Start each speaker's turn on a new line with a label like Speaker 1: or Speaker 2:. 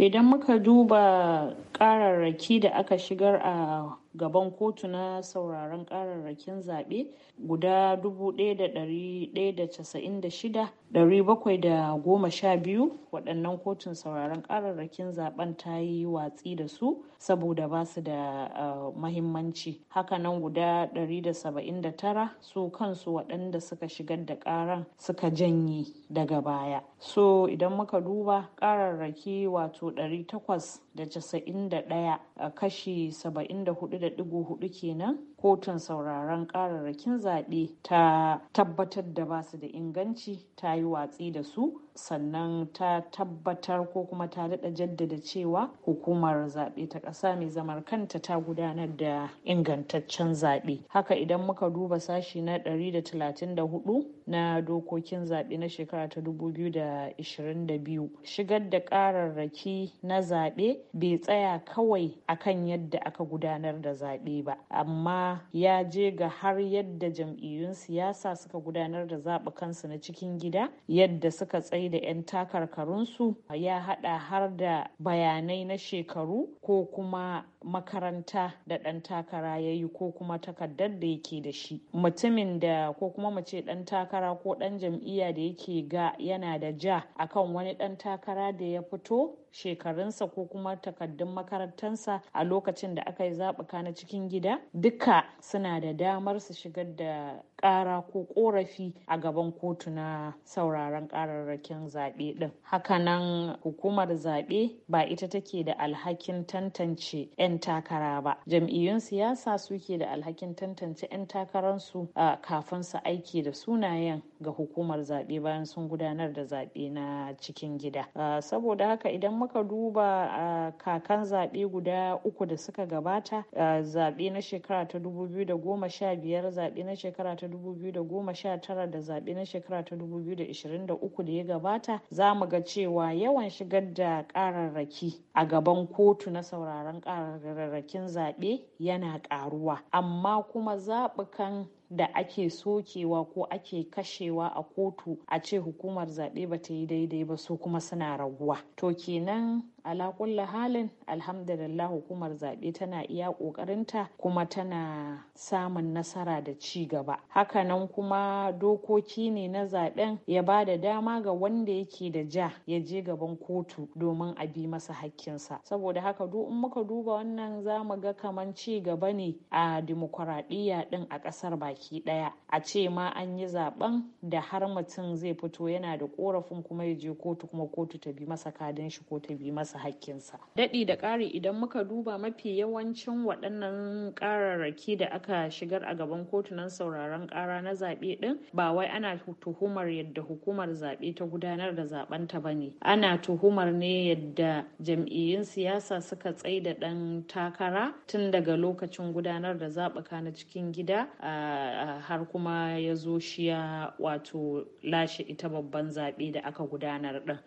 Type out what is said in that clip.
Speaker 1: idan muka duba kararraki da aka shigar a gaban kotu na sauraron kararrakin zaɓe guda 1,196,712 waɗannan kotun sauraron kararrakin zaɓen ta yi watsi da su saboda ba su da mahimmanci hakanan guda 179 su kansu waɗanda suka shigar da ƙaran suka janye daga baya so idan muka duba ƙararraki wato 891 a kashi 74.4 kenan kotun sauraron kararrakin zaɓe ta tabbatar da ba su da inganci ta yi watsi da su sannan ta tabbatar ko kuma ta daɗa jaddada cewa hukumar zaɓe ta ƙasa mai zamar kanta ta gudanar da ingantaccen zaɓe haka idan muka duba sashi na 134 na dokokin zaɓe na shekara ta 2022 shigar da ƙararraki na zaɓe bai tsaya kawai akan yadda aka gudanar da zaɓe ba amma ya je ga har yadda jam'iyyun siyasa suka gudanar da kansu na cikin gida yadda suka da 'yan takarkarunsu ya haɗa har da bayanai na shekaru ko kuma makaranta da ɗan takara ya yi ko kuma takardar da yake da shi mutumin da ko kuma mace ɗan takara ko ɗan jam'iyya da yake ga yana da ja akan wani ɗan takara da ya fito shekarunsa ko kuma takaddun makarantarsa a lokacin da aka yi zaɓuka na cikin gida duka suna da damar su shigar da ƙara ko ƙorafi a gaban kotu na sauraron ƙararrakin zaɓe ɗin hakanan hukumar zaɓe ba ita take da alhakin tantance 'yan 'yan takara ba jam'iyyun siyasa suke da alhakin tantance 'yan takararsu a kafin su aiki da sunayen ga hukumar zaɓe bayan sun gudanar da zaɓe na cikin gida saboda haka idan muka duba kakan zaɓe guda uku da suka gabata zaɓe na shekara ta 2015 zaɓe na shekara ta 2019 da zaɓe na shekara ta 2023 da ya gabata za mu ga cewa yawan shigar da ƙararraki a gaban kotu na sauraron ƙarar Rarrakin zaɓe yana ƙaruwa amma kuma zaɓukan da ake sokewa ko ake kashewa a kotu a ce hukumar zaɓe ba ta yi daidai ba su kuma suna raguwa to kenan alakulla halin alhamdulillah hukumar zaɓe tana iya ƙoƙarinta kuma tana samun nasara da ci gaba hakanan kuma dokoki ne na zaɓen ya ba da dama ga wanda yake da ja ya je gaban kotu domin a bi masa hakkinsa saboda haka duk in muka duba wannan za mu ga kamar ci gaba ne a dimokuraɗiyya ɗin a ƙasar baki baki daya a ce ma an yi zaben da har mutum zai fito yana da korafin kuma ya je kotu kuma kotu ta bi masa kadin shi ko ta bi masa hakkinsa daɗi da ƙari idan muka duba mafi yawancin waɗannan ƙararraki da aka shigar a gaban kotunan sauraron ƙara na zaɓe ɗin ba wai ana tuhumar yadda hukumar zaɓe ta gudanar da zaben ta bane ana tuhumar ne yadda jam'iyyun siyasa suka da ɗan takara tun daga lokacin gudanar da zaɓuka na cikin gida a har kuma ya zo shiya wato lashe ita babban zaɓe da aka gudanar ɗin